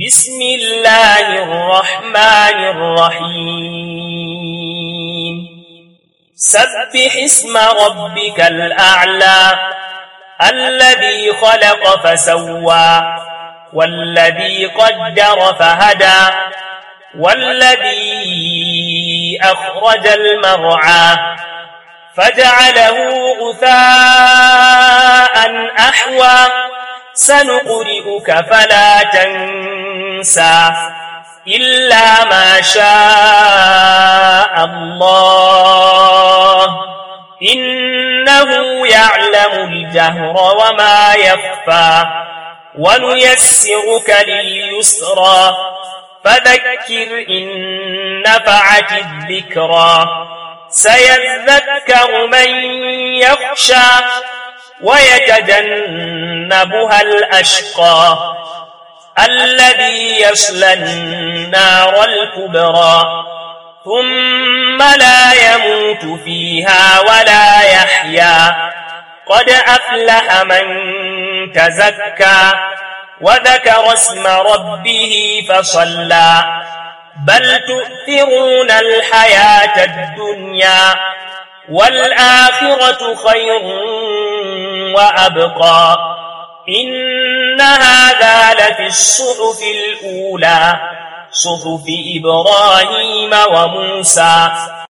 بسم الله الرحمن الرحيم سبح اسم ربك الأعلى الذي خلق فسوى والذي قدر فهدى والذي أخرج المرعى فجعله غثاء أحوى سنقرئك فلا تنسى إنسا إلا ما شاء الله إنه يعلم الجهر وما يخفى ونيسرك لليسرى فذكر إن نفعت الذكرى سيذكر من يخشى ويتجنبها الأشقى الذي يصلى النار الكبرى ثم لا يموت فيها ولا يحيا قد أفلح من تزكى وذكر اسم ربه فصلى بل تؤثرون الحياة الدنيا والآخرة خير وأبقى في الصحف الأولى صحف إبراهيم وموسى